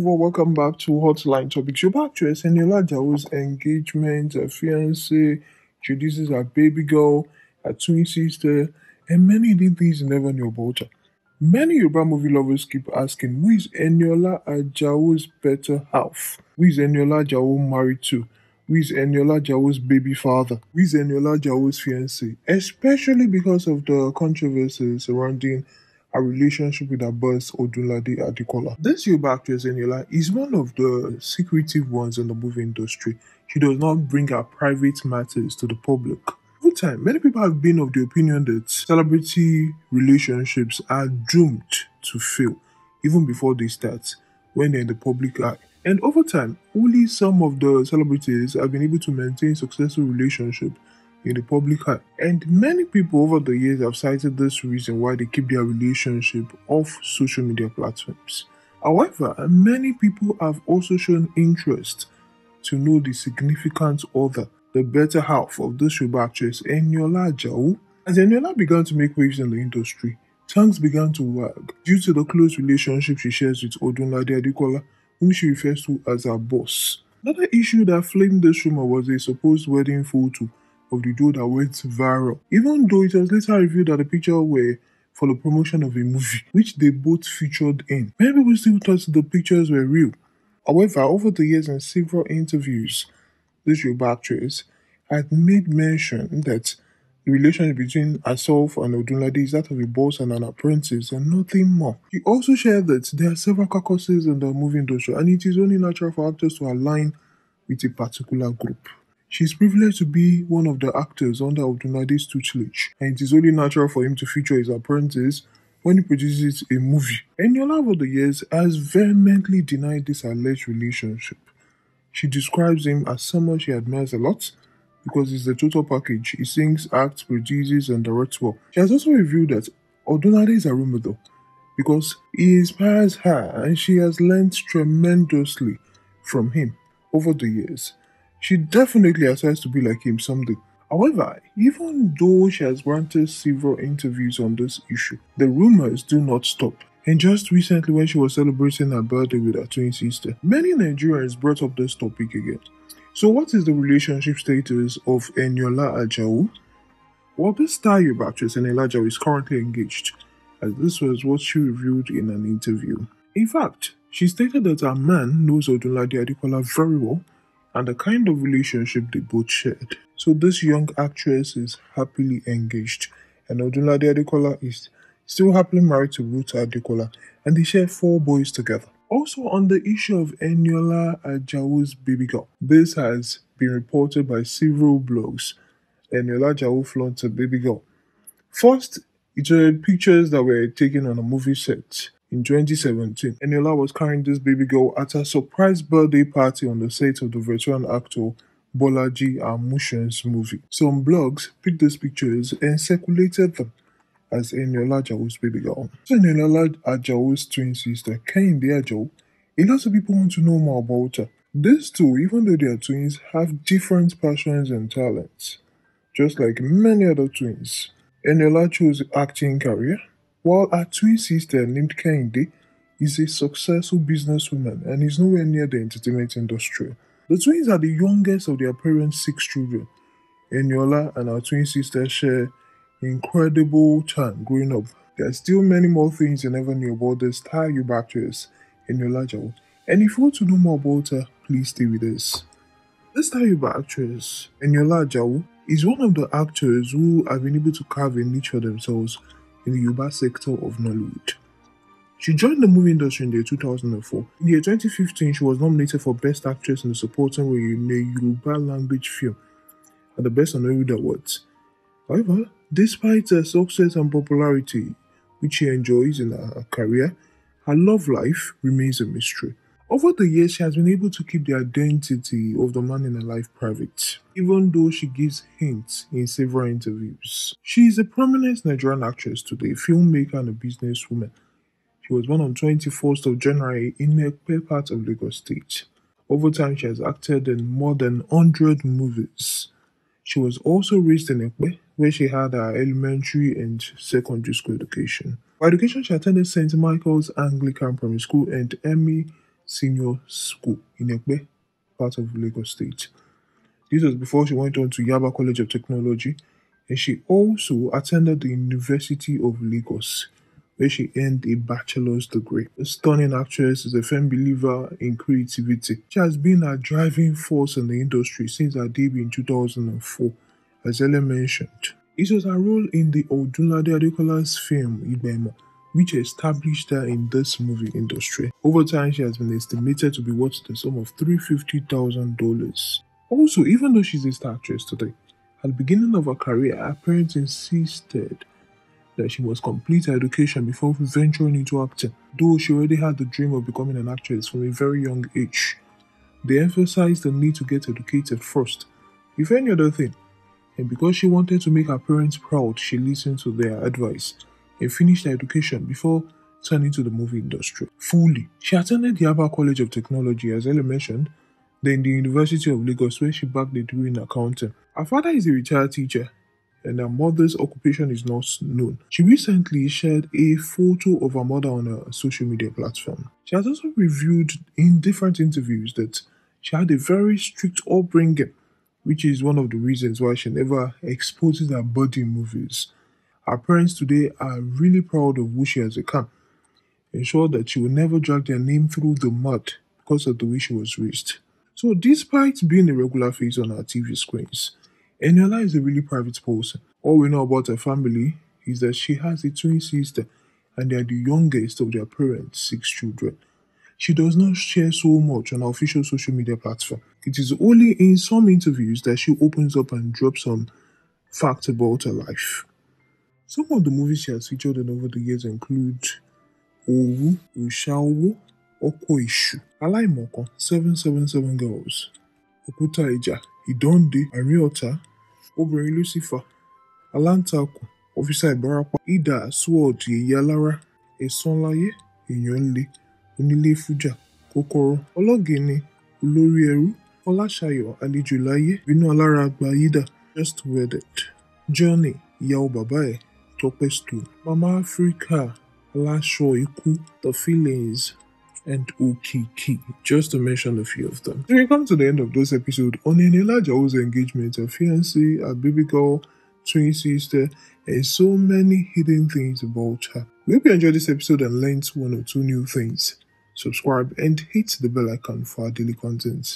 everyone, welcome back to Hotline Topics. You're back to Eseniola Jawo's engagement, her fiance introduces a baby girl, her twin sister, and many did these never knew about her. Many Yoruba movie lovers keep asking, who is Eniola Ajawo's better half? Who is Eniola Ajawo married to? Who is Eniola Ajawo's baby father? Who is Eniola Ajawo's fiance? Especially because of the controversy surrounding her relationship with her boss Odunlade Adekola. This Yoruba actress Eniola is one of the secretive ones in the movie industry. She does not bring her private matters to the public. Over time, many people have been of the opinion that celebrity relationships are doomed to fail even before they start when they're in the public eye. And over time, only some of the celebrities have been able to maintain successful relationships in the public eye. And many people over the years have cited this reason why they keep their relationship off social media platforms. However, many people have also shown interest to know the significant other, the better half of this Yoruba actress, Eniola Ajao. As Eniola began to make waves in the industry, tongues began to wag due to the close relationship she shares with Odunlade Adekola, whom she refers to as her boss. Another issue that flamed this rumor was a supposed wedding photo of the duo that went viral, even though it was later revealed that the picture were for the promotion of a movie, which they both featured in. Many people still thought the pictures were real. However, over the years and several interviews, this two actress had made mention that the relationship between herself and Odunlade is that of a boss and an apprentice and nothing more. He also shared that there are several caucuses in the movie industry and it is only natural for actors to align with a particular group. She is privileged to be one of the actors under Abdulnadir's tutelage, and it is only natural for him to feature his apprentice when he produces a movie. Eniola, over the years, has vehemently denied this alleged relationship. She describes him as someone she admires a lot because it's the total package. He sings, acts, produces, and directs well. She has also revealed that Odunade is a rumor though, because he inspires her and she has learned tremendously from him over the years. She definitely aspires to be like him someday. However, even though she has granted several interviews on this issue, the rumors do not stop. And just recently, when she was celebrating her birthday with her twin sister, many Nigerians brought up this topic again. So, what is the relationship status of Eniola Ajao? Well, this Tayo actress Eniola Ajao is currently engaged, as this was what she revealed in an interview. In fact, she stated that her man knows Odunlade Adekola very well and the kind of relationship they both shared. So this young actress is happily engaged, and Odunlade Adekola is still happily married to Ruta Adekola, and they share four boys together. Also, on the issue of Eniola Ajawu's baby girl, this has been reported by several blogs. Eniola Ajawu flaunts a baby girl. First, it pictures that were taken on a movie set in 2017. Eniola was carrying this baby girl at a surprise birthday party on the set of the veteran actor Bolaji Amushan's movie. Some blogs picked these pictures and circulated them as Eniola Ajao's baby girl. So Eniola Ajao's twin sister, Kehinde Ajao, a lot of people want to know more about her. These two, even though they are twins, have different passions and talents, just like many other twins. Eniola chose acting career while her twin sister named Kehinde is a successful businesswoman and is nowhere near the entertainment industry. The twins are the youngest of their parents' six children. Eniola and her twin sister share incredible time growing up. There are still many more things you never knew about this star you've actress, Eniola Jawo. And if you want to know more about her, please stay with us. This star you actress, Eniola Jao is one of the actors who have been able to carve a niche for themselves in the Yuba sector of Nollywood. She joined the movie industry in the year 2004. In the year 2015, she was nominated for Best Actress in a Supporting Role in a Yuba language film at the Best Nollywood Awards. However, despite her success and popularity, which she enjoys in her career, her love life remains a mystery. Over the years, she has been able to keep the identity of the man in her life private, even though she gives hints in several interviews. She is a prominent Nigerian actress today, filmmaker, and a businesswoman. She was born on 21st of January in Ekpe part of Lagos State. Over time, she has acted in more than 100 movies. She was also raised in Ekpe, where she had her elementary and secondary school education. For education, she attended St. Michael's Anglican Primary School and Emmy Senior School in Ekpe, part of Lagos State. This was before she went on to Yaba College of Technology, and she also attended the University of Lagos, where she earned a bachelor's degree. A stunning actress is a firm believer in creativity. She has been a driving force in the industry since her debut in 2004, as Ellen mentioned. It was her role in the Odunlade Adekola's film, Ibemo, which established her in this movie industry. Over time, she has been estimated to be worth the sum of $350,000. Also, even though she's a star actress today, at the beginning of her career, her parents insisted that she must complete her education before venturing into acting, though she already had the dream of becoming an actress from a very young age. They emphasized the need to get educated first, if any other thing, and because she wanted to make her parents proud, she listened to their advice and finished her education before turning to the movie industry fully. She attended the Harvard College of Technology, as Ella mentioned, then the University of Lagos, where she backed a degree in accounting. Her father is a retired teacher, and her mother's occupation is not known. She recently shared a photo of her mother on a social media platform. She has also revealed in different interviews that she had a very strict upbringing, which is one of the reasons why she never exposes her body in movies. Her parents today are really proud of who she has become, ensure that she will never drag their name through the mud because of the way she was raised. So, despite being a regular face on our TV screens, Eniola is a really private person. All we know about her family is that she has a twin sister and they are the youngest of their parents' six children. She does not share so much on her official social media platform. It is only in some interviews that she opens up and drops some facts about her life. Some of the movies she has featured in Over the Years include Owu, Ishu, Alai Moko, 777 Girls, Okuta Ija, Idonde, Ariota, Obìnrin Lucifer, Alanta, Officer Ìbárapá, Ìdà Sword, Yalara, Alára, Ẹ̀sán Láyé, Fújà, Kòkòrò, Ologini, Ulorieru, Ẹrú, Ali Àlejò Láyé, Bínú Alára Gba Just Wedded, Journey, Ìyàwó Bàbá Tope to Mama Africa, Alasho Iku, The Feelings, and Ukiki, just to mention a few of them. we come to the end of this episode on Enela Jawo's engagement, a fiancé, a baby girl, twin sister, and so many hidden things about her. We hope you enjoyed this episode and learned one or two new things. Subscribe and hit the bell icon for our daily content.